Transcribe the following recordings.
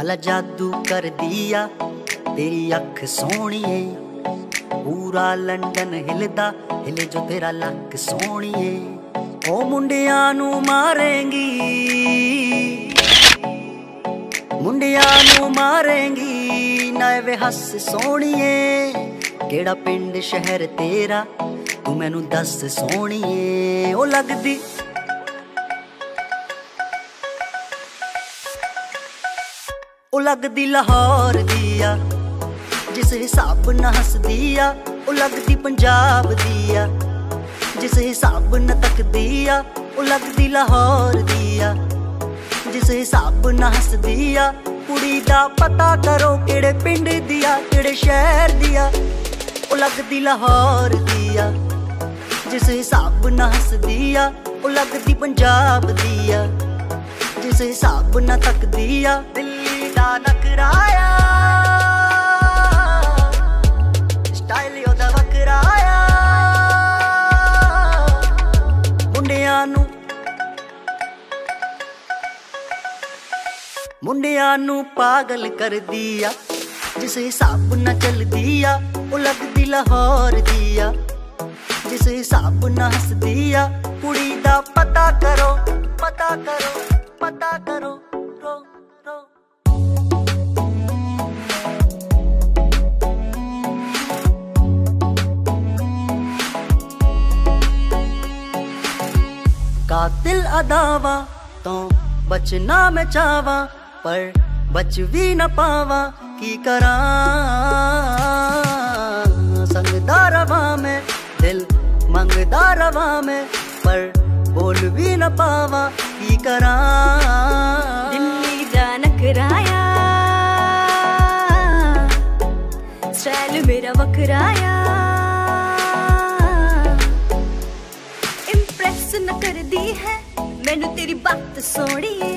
ਕਾਲਾ ਜਾਦੂ ਕਰਦੀ ਆ ਤੇਰੀ ਅੱਖ ਸੋਹਣੀਏ ਪੂਰਾ ਲੰਡਨ ਹਿਲਦਾ ਹਿਲੇ ਜੋ ਤੇਰਾ ਲੱਕ ਸੋਹਣੀਏ ਓ ਮੁੰਡਿਆਂ ਨੂੰ ਮਾਰੇਂਗੀ ਮੁੰਡਿਆਂ ਨੂੰ ਮਾਰੇਂਗੀ ਨਾਏ ਵੇ ਹੱਸ ਸੋਹਣੀਏ ਕਿਹੜਾ ਪਿੰਡ ਸ਼ਹਿਰ ਤੇਰਾ ਤੂੰ ਮੈਨੂੰ ਦੱਸ ਸੋਹਣੀਏ ਓ ਲੱਗਦੀ ਉਹ ਲੱਗਦੀ ਲਾਹੌਰ ਦੀ ਆ ਜਿਸ ਹਿਸਾਬ ਨਾਲ ਹੱਸਦੀ ਆ ਉਹ ਲੱਗਦੀ ਪੰਜਾਬ ਦੀ ਆ ਜਿਸ ਹਿਸਾਬ ਨਾਲ ਤੱਕਦੀ ਆ ਉਹ ਲੱਗਦੀ ਲਾਹੌਰ ਦੀ ਆ ਜਿਸ ਹਿਸਾਬ ਨਾਲ ਹੱਸਦੀ ਆ ਕੁੜੀ ਦਾ ਪਤਾ ਕਰੋ ਕਿਹੜੇ ਪਿੰਡ ਦੀ ਆ ਕਿਹੜੇ ਸ਼ਹਿਰ ਦੀ ਆ ਉਹ ਲੱਗਦੀ ਲਾਹੌਰ ਦੀ ਆ ਜਿਸ ਹਿਸਾਬ ਨਾਲ ਹੱਸਦੀ ਆ ਉਹ ਲੱਗਦੀ ਪੰਜਾਬ ਦੀ ਆ ਜਿਸ ਹਿਸਾਬ ਨਾਲ ਤੱਕਦੀ ਆ ਦਾ ਨਕਰਾਇਆ ਸਟਾਈਲ ਦਾ ਵਕਰਾਇਆ ਮੁੰਡਿਆਂ ਨੂੰ ਮੁੰਡਿਆਂ ਨੂੰ ਪਾਗਲ ਕਰ ਦਿਆ ਜਿਸ ਹਿਸਾਬ ਨਾਲ ਚਲਦੀ ਆ ਉਹ ਲੱਗਦੀ ਲਾਹੌਰ ਦੀ ਆ ਜਿਸ ਹਿਸਾਬ ਨਾਲ ਹੱਸਦੀ ਆ ਕੁੜੀ ਦਾ ਪਤਾ ਕਰੋ कातिल अदावा तो बचना मैं चावा पर बच भी न पावा की करा संगदा में दिल मंगदा में पर बोल भी न पावा की करा दिल्ली जानक राया स्टाइल मेरा वकराया ਹੁਸਨ ਕਰਦੀ ਹੈ ਮੈਨੂੰ ਤੇਰੀ ਬਾਤ ਸੋਹਣੀ ਏ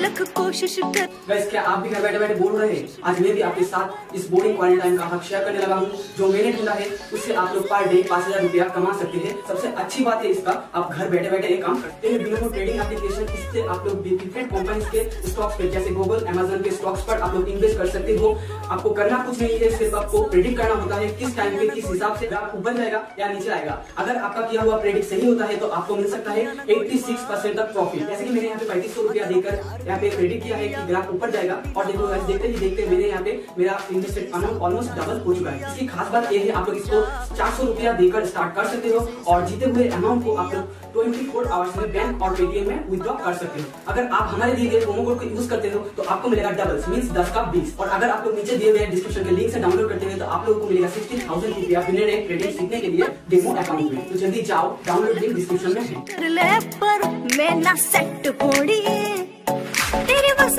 लख कोशिश कर गैस क्या आप भी घर बैठे बैठे बोल रहे हैं आज मैं भी आपके साथ इस बोरिंग क्वारंटाइन का हक शेयर करने लगा हूँ जो मैंने ढूंढा है उससे आप लोग पर डे पाँच हजार रुपया कमा सकते हैं सबसे अच्छी बात है इसका आप घर बैठे बैठे एक काम करते हैं बिलोमो ट्रेडिंग एप्लीकेशन इससे आप लोग डिफरेंट कंपनीज के स्टॉक्स पे जैसे गूगल एमेजन के स्टॉक्स पर आप लोग इन्वेस्ट कर सकते हो आपको करना कुछ नहीं है सिर्फ आपको प्रेडिक्ट करना होता है किस टाइम पे किस हिसाब से ग्राफ ऊपर जाएगा या नीचे आएगा अगर आपका किया हुआ प्रेडिक्ट सही होता है तो आपको मिल सकता है एट्टी सिक्स परसेंट तक प्रॉफिट जैसे कि मैंने यहाँ पे पैंतीस सौ रुपया देकर यहाँ पे प्रेडिक्ट किया है कि ग्राफ ऊपर जाएगा और देखो देखते ही देखते मेरे यहाँ पे मेरा इंटरेस्ट अमाउंट ऑलमोस्ट डबल हो चुका है इसकी खास बात ये है आप लोग इसको चार सौ रुपया देकर स्टार्ट कर सकते हो और जीते हुए अमाउंट को आप लोग ट्वेंटी फोर आवर्स में बैंक और पेटीएम में विद्रॉ कर सकते हो अगर आप हमारे दिए गए प्रोमो कोड को यूज करते हो तो आपको मिलेगा डबल मीन दस का बीस और अगर आप लोग नीचे दिए हुए डिस्क्रिप्शन के लिंक से डाउनलोड करते हैं तो आप लोगों को मिलेगा सिक्सटी थाउजेंड रुपया बिना क्रेडिट सीखने के लिए डेमो अकाउंट में तो जल्दी जाओ डाउनलोड लिंक डिस्क्रिप्शन में है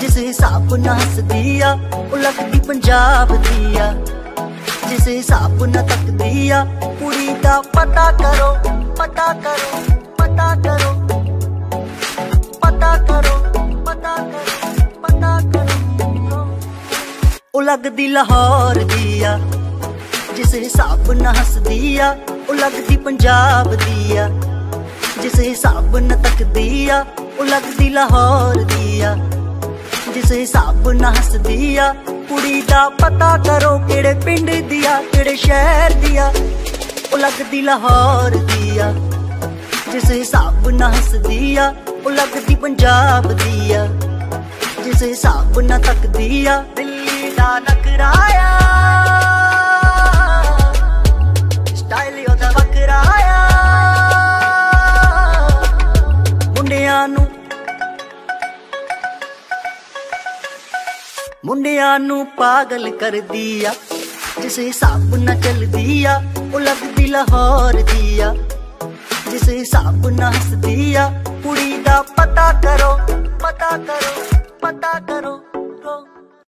ਜਿਸ ਹਿਸਾਬ ਨਾਲ ਸਦੀਆ ਉਹ ਲੱਗਦੀ ਪੰਜਾਬ ਦੀਆ ਜਿਸ ਹਿਸਾਬ ਨਾਲ ਤੱਕਦੀ ਕੁੜੀ ਦਾ ਪਤਾ ਕਰੋ ਪਤਾ ਕਰੋ ਪਤਾ ਕਰੋ ਪਤਾ ਕਰੋ ਪਤਾ ਕਰੋ ਪਤਾ ਕਰੋ ਉਹ ਲੱਗਦੀ ਲਾਹੌਰ ਦੀਆ ਜਿਸ ਹਿਸਾਬ ਨਾਲ ਹੱਸਦੀ ਉਹ ਲੱਗਦੀ ਪੰਜਾਬ ਦੀਆ ਜਿਸ ਹਿਸਾਬ ਨਾਲ ਤੱਕਦੀ ਉਹ ਲੱਗਦੀ ਲਾਹੌਰ ਦੀ ਉਸੇ ਸਾਬ ਨਾਲ ਹੱਸਦੀ ਆ ਕੁੜੀ ਦਾ ਪਤਾ ਕਰੋ ਕਿਹੜੇ ਪਿੰਡ ਦੀ ਆ ਕਿਹੜੇ ਸ਼ਹਿਰ ਦੀ ਆ ਉਹ ਲੱਗਦੀ ਲਾਹੌਰ ਦੀ ਆ ਜਿਸ ਹਿਸਾਬ ਨਾਲ ਹੱਸਦੀ ਆ ਉਹ ਲੱਗਦੀ ਪੰਜਾਬ ਦੀ ਆ ਜਿਸ ਹਿਸਾਬ ਨਾ ਤੱਕਦੀ ਆ ਦਿੱਲੀ ਦਾ ਨਕਰਾਇ ਮੁੰਡਿਆਂ ਨੂੰ ਪਾਗਲ ਕਰਦੀ ਆ ਜਿਸ ਹਿਸਾਬ ਨਾਲ ਚੱਲਦੀ ਆ ਉਹ ਲੱਗਦੀ ਲਾਹੌਰ ਦੀ ਆ ਜਿਸ ਹਿਸਾਬ ਨਾਲ ਹੱਸਦੀ ਆ ਕੁੜੀ ਦਾ ਪਤਾ ਕਰੋ ਪਤਾ ਕਰੋ ਪਤਾ ਕਰੋ